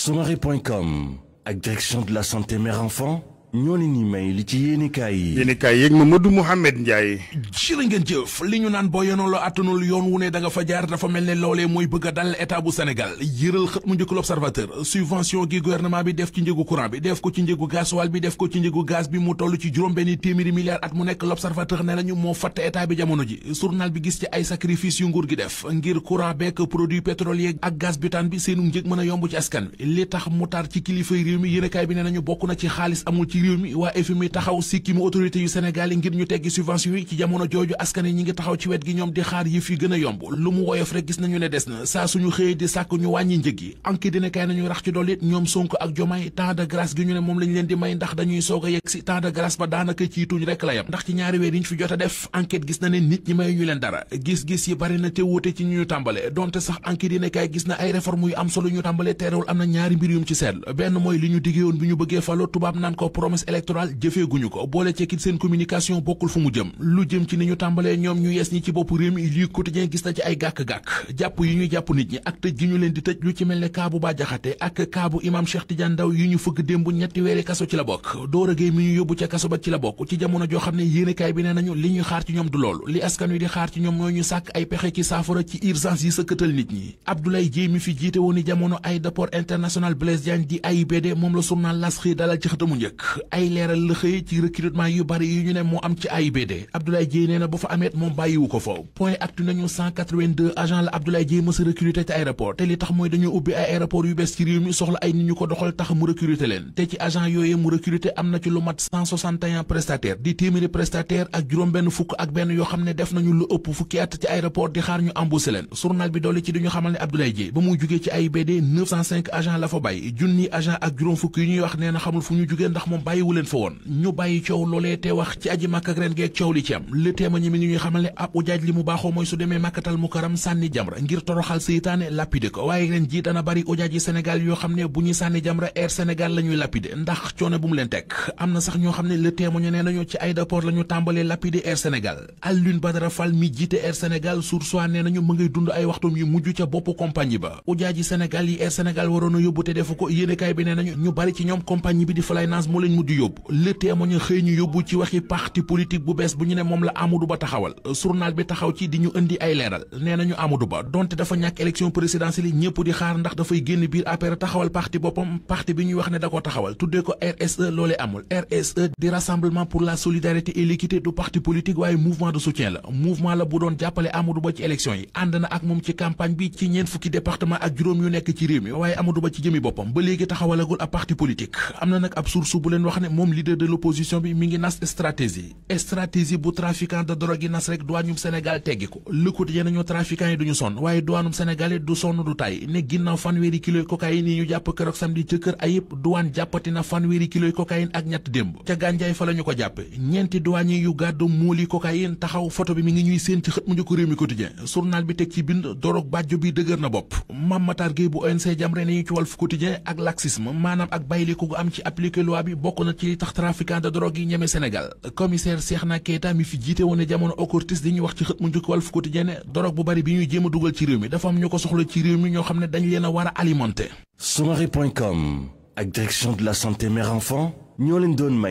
Sommarie.com, agression direction de la santé mère-enfant, ñoni ni may li ci yene kay yi yéene kaay yeeg Mamadou Mouhamed ci la ngeen jëf li ñu naan boo yenoon la attanul yoon wu ne da nga fa jaar dafa mel ne loolee bëgg dal état bu Sénégal mu l'observateur subvention gi gouvernement bi def ci njëgu courant bi def ko ci njëgu gasoil bi def ko ci njëgu gaz bi mu tollu ci juroom benn témiri milliard at mu nekk l'observateur ne lañu mo fatt état bi jamono ji journal bi gis ci ay sacrifice yu nguur gi def ngir courant beek produit pétrolier ak gaz butane bi seenu njëg mëna yomb ci askan li tax mu tar ci kilifa réew mi yene kay bi ne nañu bokku na ci xaaliss amul ci ci réew mi waa FMI taxaw sikki mu autorité yu Sénégal yi ngir ñu teggi subvention yi ci jamono jooju askan ñi ngi taxaw ci wet gi ñoom di xaar yëf yi gën a yomb lu mu woyof rek gis nañu ne des na saa suñu xëyee di sàkk ñu wàññi njëg yi enquête nañu rax ci dolli ñoom Sonko ak Jomaay temps de grâce gi ñu ne moom lañ leen di may ndax dañuy soog a yegg si de grâce ba daanaka ci tuñ rek ndax ci ñaari weer fi jot a def enquête gis na ne nit ñi promesse électorale jëfeeguñu ko boole cekkit seen communication bokkul fu mu jëm lu jëm ci ni ñu tàmbalee ñoom ñu yees ci bopp réew mi lii quotidien gis na ci ay gàkk jàpp nit ñi ak tëj leen di tëj lu ci mel ne kaabu Bah Diakhaté ak kaabu imam Cheikh Tidiane ñu fëgg démb ñetti weeri kaso ci la bokk Dora yóbbu ca kaso ba ci la bokk ci jamono joo xam ne yéenekaay bi nee nañu li ñuy xaar ci ñoom du ñoom mooy ñu sàkk ay pexe ci saafara ci urgence yi sëkkatal nit ñi Abdoulaye Dieye ni jamono aéroport international Blaise di AIBD moom la surnaal las xëy dalal ci xëtamu njëkk ay leral la xëy ci recrutement yu bari yi ñu ne mo am ci AIBD Abdoulaye Dièye nee bu fa amet mom bàyyiwu ko fo point actu nañu 182 agent la Abdoulaye Dièye mësa recruter ci aéroport te li tax moy dañu ubbi ay aéroport yu bees ci réew mi soxla ay nit ñu ko doxal tax mu recruter len te ci agent yoyé mu recruter amna ci lu mat 161 prestataire di téeméeri prestataire ak juroom ben fukk ak ben yo xamné def nañu lu ëpp fukki at ci aéroport di xaar ñu embaucher len journal bi doli ci duñu xamal ni Abdoulaye Dièye ba mu juggé ci AIBD 905 agent la fa bay junni agent ak juróom fukk yu ñuy wax neena xamul fu ñu juggé ndax mom bàyyiwu leen fa woon ñu bàyyi coow loolee te wax ci aji màkk ak li ci am le téema ñi mi ngi ñuy xamal ne ab ujaaj li mu baaxoo mooy su demee màkkatal mukaram sànni jamra ngir toroxal seytaane lapide ko waaye ren ji dana bari ujaaj yi Sénégal yoo xam ne bu ñuy sànni jamra air Sénégal la ñuy lapide ndax coono bu mu leen teg am na sax ñoo xam ne le téema ñu nee nañu ci aéroport la ñu tàmbalee lapide air Sénégal Alioune Badara Fall mi jiite air Sénégal sur soit nee nañu mu ngay dund ay waxtum yu mujj ca bopp compagnie ba ujaaj yi Sénégal yi air Sénégal waroon a yóbbu te defu ko yéenekaay bi nee nañu ñu bari ci ñoom compagnie bi di Flynas moo leen mujj yóbbu le témoin xëy ñu yóbbu ci waxi parti politique bu bees bu ñu ne moom la Amadou taxawal journal bi taxaw ci di ñu indi ay leeral nee nañu Amadou donte dafa ñàkk élection présidentielle yi ñëpp di xaar ndax dafay génn biir APR taxawal parti boppam parti bi ñuy wax ne da ko taxawal tuddee ko RSE loolee amul RSE di rassemblement pour la solidarité et du parti politique waaye mouvement de soutien la mouvement la bu doon jàppale Amadou ci wax ne moom leader de l'opposition bi mi ngi nas stratégie stratégie bu trafiquant de drogue yi nas rek douaneum Sénégal teggi ko Le nañu trafiquant yi duñu sonn waaye douanum Sénégal yi du sonn du tay ne ginnaaw fanweeri kiloy cocaïne yi ñu jàpp keroog samedi ca kër ayib douane jàppati na fanweeri kiloy cocaïne ak ñett démb ca gànjaay fa la ko jàppe ñeenti douane yu gàddu muuli cocaïne taxaw photo bi mi ngi ñuy seen ci xët mu njëkk réew mi bokk na ci li tax trafiquant de drogue yi ñeme Sénégal commissaire Cheikhna Keita mi fi jiite woon jamono OCRTIS di ñu wax ci xët mu njëkk Walf Quotidien drogue bu bari bi ñuy jéem a dugal ci réew mi dafa am ñu ko soxla ci réew mi ñoo xam ne dañ leen a war a alimenter. Soumari.com ak direction de la santé mère enfant ñoo leen doon may.